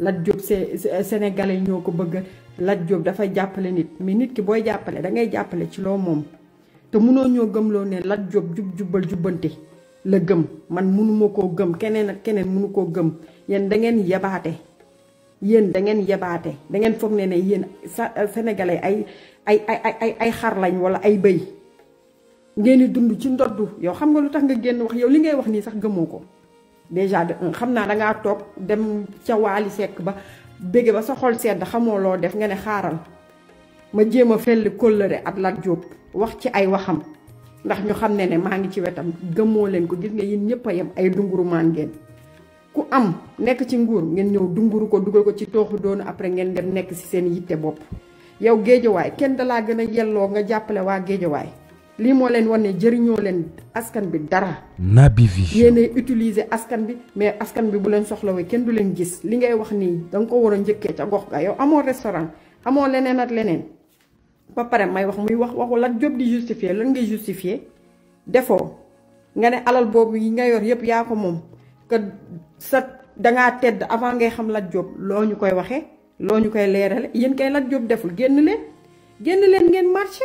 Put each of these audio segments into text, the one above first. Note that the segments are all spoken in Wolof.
Lat Diop Sénégalais ñoo ko bëgg Lat Diop dafa jàppale nit mais nit ki booy jàppale da ngay jàppale ci loo moom te munoo ñoo gëmloo ne Lat Diop jub jubal jubbante la gëm man munuma koo gëm keneen ak keneen munu koo gëm yéen da ngeen yebaate yéen da ngeen da ngeen foog ne ne yéen sénégalais ay ay ay ay ay xar lañ wala ay bëy ngeen di dund ci ndoddu yow xam nga lu tax nga génn wax yow li ngay wax nii sax gëmoo ko. déjà xam naa dangaa toog dem ca waali sekk ba bége ba sa xol sedd xamoo loo def nga ne xaaral ma jéem a felli kóllëre at Lat Diop wax ci ay waxam ndax ñu xam ne ne maa ngi ci wetam gëmmoo leen ko gis nga yéen ñëpp a yem ay dunguru maan ngeen ku am nekk ci nguur ngeen ñëw dunguru ko dugal ko ci tooxu doonu après ngeen dem nekk ci seen yitte bopp yow géejawaay kenn dalaa gën a yelloo nga jàppale waa géejawaay limo mo len wan jeriño len askan bi dara. nabi Vision yene utiliser askan bi mais askan bi bu soxla soxlawee ken du len gis li ngay wax ni dang ko war a ca gox ga yow amo restaurant amo lenen ak lenen ba pare may wax muy wax waxu job di justifier lan ngay justifier defo nga alal bobu yi nga yor yep ya ko mom ke sa nga tedd avant ngay xam Lat job loñu koy waxee loñu koy leerale yeen kay Lat job deful genn len genn len ngeen marché.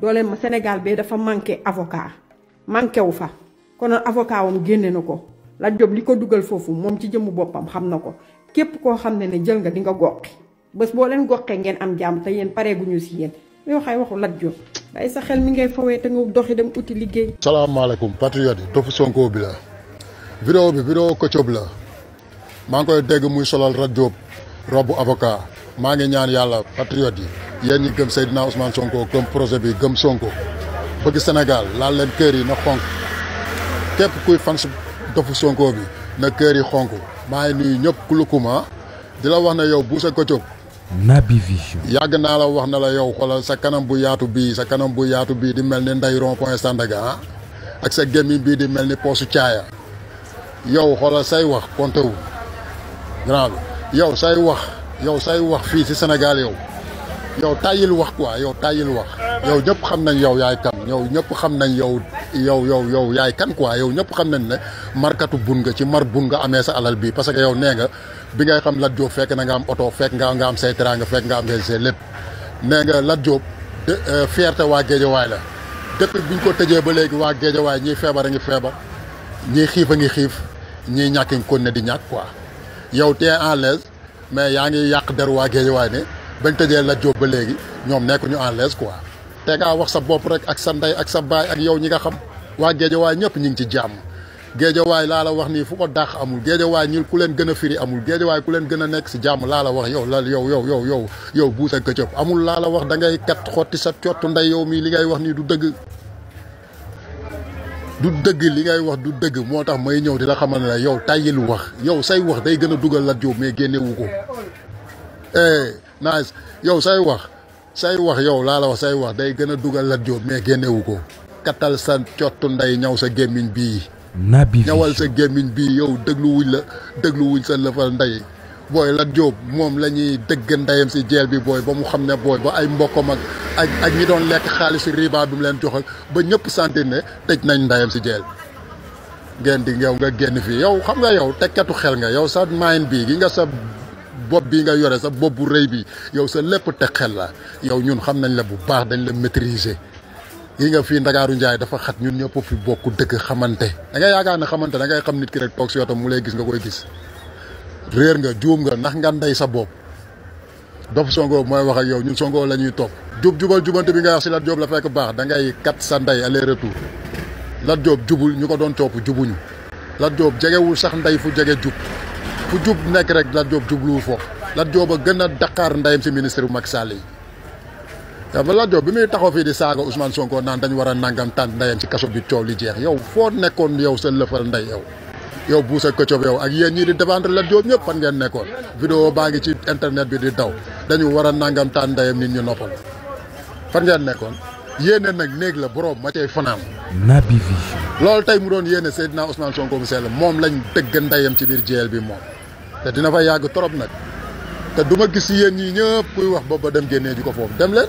doole ma senegal be dafa manke avocat manke wu fa kono avocat wam genné nako ko job liko duggal fofu dugal ci jëm bopam xam kep ko xamné né jël nga di nga bo len gokké ngeen am jàmm yeen paré guñu ci yeen yow waxay waxu la job bay sa xel mi ngay fawé te nga doxi dem uti liggéey. salaamaaleykum patriote yi topp Sonko bi la. vidéo bi vidéo ciob la ma ngoy dégg muy solal radio robu avocat ma ngi ñaan yalla patriote yéen ñi gëm Seydina Ousmane Sonko gëm projet bi gëm Sonko bëgg Sénégal laal leen kër yi na xonk képp kuy fan dofu Sonko bi na kër yi xonk maa ngi nuyu ñëpp kulukuma ah. di la wax ne yow bu sa ko Naby Vision. yàgg naa la wax na la yow xoolal sa kanam bu yaatu bii sa kanam bu yaatu bii di mel ni ndey rond point Sandaga ah. ak sa gémmiñ bii di mel ni poosu caaya yow xoolal say wax konte wu grand yow say wax yow say wax fii ci Sénégal yow yow tàyyil wax quoi yow tàyyil wax yow ñëpp xam nañ yow yaay kan yow ñëpp xam nañ yow yow yow yow yaay kan quoi yow ñëpp xam nañ ne markatu bun nga ci mar bun nga amee sa alal bi parce que yow nee nga bi ngay xam Lat Diop fekk na nga am oto fekk nga nga am say teraanga fekk nga am say lépp nee nga Lat Diop euh, fierté waa Géejawaay la depuis bi ñu ko tëjee ba léegi waa Géejawaay ñiy feebar a ngi feebar ñii xiif a ngi xiif ñii ñàkk ngi kon ne di ñàkk quoi yow tee en l'aise mais yaa ngi yàq der waa Géejawaay ne bañ tëjee Lat Diop ba léegi ñoom nekkuñu en l'aise quoi te ngaa wax sa bopp rek ak sa ndey ak sa baay ak yow ñi nga xam waa géejawaay ñëpp ñu ngi ci jàmm géejawaay laa la wax nii fu ko dàq amul géejawaay ñu ku leen gën a firi amul géejawaay ku leen gën a nekk si jàmm laa la wax yow la yow yow yow yow yow buus ak amul laa la wax da kat xotti sa cottu ndey yow mii li ngay wax nii du dëgg du dëgg li ngay wax du dëgg moo tax may ñëw di la xamal ne yow tàyyil wax yow say wax day gën a dugal Lat Diop mais génnewu ko eh, nice yo say wax say wax yow laa la wax say wax day gën a dugal Lat Diop mais génnewu ko kattal sa cottu ndey ñaw sa gémmiñ bii Naby Vision ñawal sa gémmiñ bii yow dégluwuñ la dégluwuñ sa lëfal ndey booy Lat Diop moom la ñuy dëgg ndeyam si jeel bi booy ba mu xam ne booy ba ay mbokkam ak ak ak ñi doon lekk xaalis riba bi mu leen joxal ba ñëpp sentir ne tëj nañ ndeyam si jeel ngeen di yow nga génn fii yow xam nga yow tekkatu xel nga yow sa mind bii gi nga sa Bob bi nga yoré sa bobu reuy bi yow sa lepp te xel la yow ñun xam nañ la bu baax dañ la maîtriser yi nga fi ndagaru njaay dafa xat ñun ñepp fi bokku deug xamanté da nga yaakaar na xamanté da nga xam nit ki rek tok si mu lay gis nga koy gis reer nga joom nga ndax nga nday sa dof songo moy wax ak yow ñun songo la top. jub jubal jubante bi nga wax ci la job la fekk baax da ngay kat sa nday aller retour la job jubul ñuko don top jubuñu la job jégué wul sax nday fu jégué jub fu jub nekk rek Lat Diop jubluwu foofu Lat Diop a gën a daqaar ndeyam si ministre bu Macky Sall yi dafa Lat Diop bi muy taxaw fii di saaga Ousmane Sonko naan dañu war a nangam tànn ci kaso bi coow li jeex yow foo nekkoon yow sa lëfal ndey yow yow buusa këcoob yow ak yéen ñii di défendre ñëpp fan ngeen nekkoon vidéo baa ngi ci internet bi di daw dañu war a nangam tànn ndeyam ñu noppal fan nekkoon yéene nag néeg la borom ma cay loolu tey mu doon yéene Seydina Ousmane Sonko bu sell moom lañ dëgg ndeyam ci biir jeel bi moom te dina fa yàgg trop nag te du ma gis si yéen ñii ñëpp kuy wax boobu ba dem génnee ji ko foofu dem leen.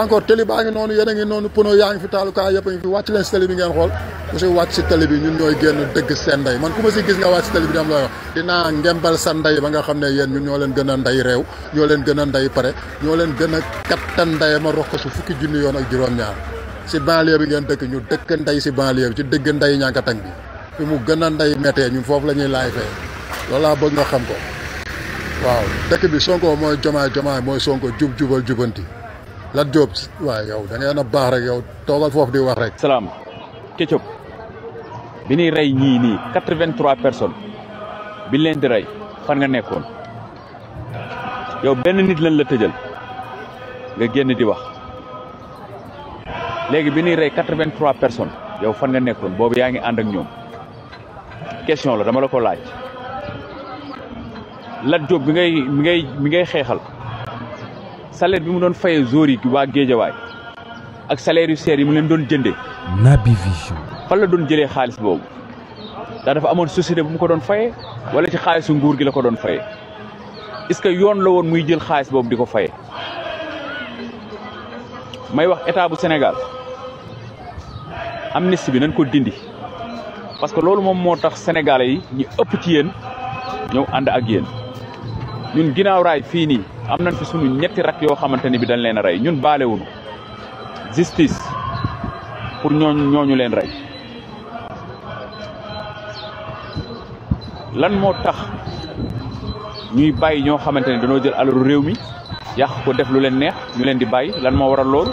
encore tëli baa ngi noonu yéen a ngi noonu pono yaa ngi fi taalukaay yëpp a ngi fi wàcc leen si tëli bi ngeen xool ku si wàcc si tëli bi ñun ñooy génn dëgg seen ndey man ku ma si gis nga wàcc si tëli bi dem looy wax dinaa ngembal sa ndey ba nga xam ne yéen ñun ñoo leen gën a ndey réew ñoo leen gën a ndey pare ñoo leen gën a kattan ndey ma rox ko su fukki junni yoon ak juróom-ñaar si banlieue bi ngeen dëkk ñu dëkk ndey si banlieue bi ci dëgg ndey ñànkatang bi fi mu gën ndey méttee ñun foofu la ñuy laay loolu laa nga xam ko waaw dëkk bi Sonko mooy jomaay jomaay mooy Sonko jub jubal jubanti Lat Diop waa yow da ngeen a baax rek yow toogal foofu di wax rek. salaam Ketchup bi ñuy rey ñii nii quatre vingt bi leen di rey fan nga nekkoon yow benn nit lañ la tëjël nga génn di wax léegi bi ñuy rey quatre vingt yow fan nga nekkoon boobu yaa ngi ànd ak ñoom question la dama la ko laaj. Lat Diop bi ngay bi ngay bi ngay xeexal salaire bi mu doon fayee zóor yi waa géejawaay ak salaire yu seer yi mu leen doon jëndee. Naby Vision. fan la doon jëlee xaalis boobu daa dafa amoon société bu mu ko doon fayee wala ci xaalisu nguur gi la ko doon fayee est-ce que yoon la woon muy jël xaalis boobu di ko faye may wax état bu senegal Sénégal amnistie bi nañ ko dindi parce que loolu moom moo tax senegal yi ñu ëpp ci yéen ñëw ànd ak yéen. ñun ginnaaw raay fii nii am nañ fi suñu ñetti rak yoo xamante ni bi dañ leen a rey ñun baalewuñu justice pour ñooñu ñooñu leen rey lan moo tax ñuy bàyyi ñoo xamante ni dañoo jël alalu réew mi yàq ko def lu leen neex ñu leen di bàyyi lan moo waral loolu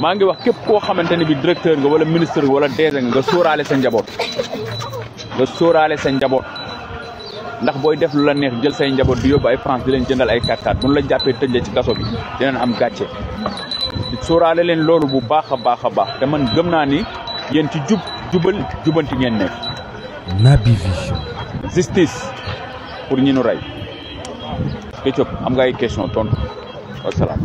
maa ngi wax képp koo xamante ni bi directeur nga wala ministre wala DG nga nga sóoraale sa njaboot nga sóoraale sa njaboot ndax booy def lu la neex jël say njaboot di yóbbu ay France di leen jëndal ay kàttan bu ñu la jàppee tëj la ci kaso bi dinañ am gàcce. sóoraale leen loolu bu baax a baax a baax te man gëm naa ni yéen ci jub jubal jubanti ngeen naa Naby Vision. justice pour ñi nu rey. Ketchup am nga ay question tontu wasalaam.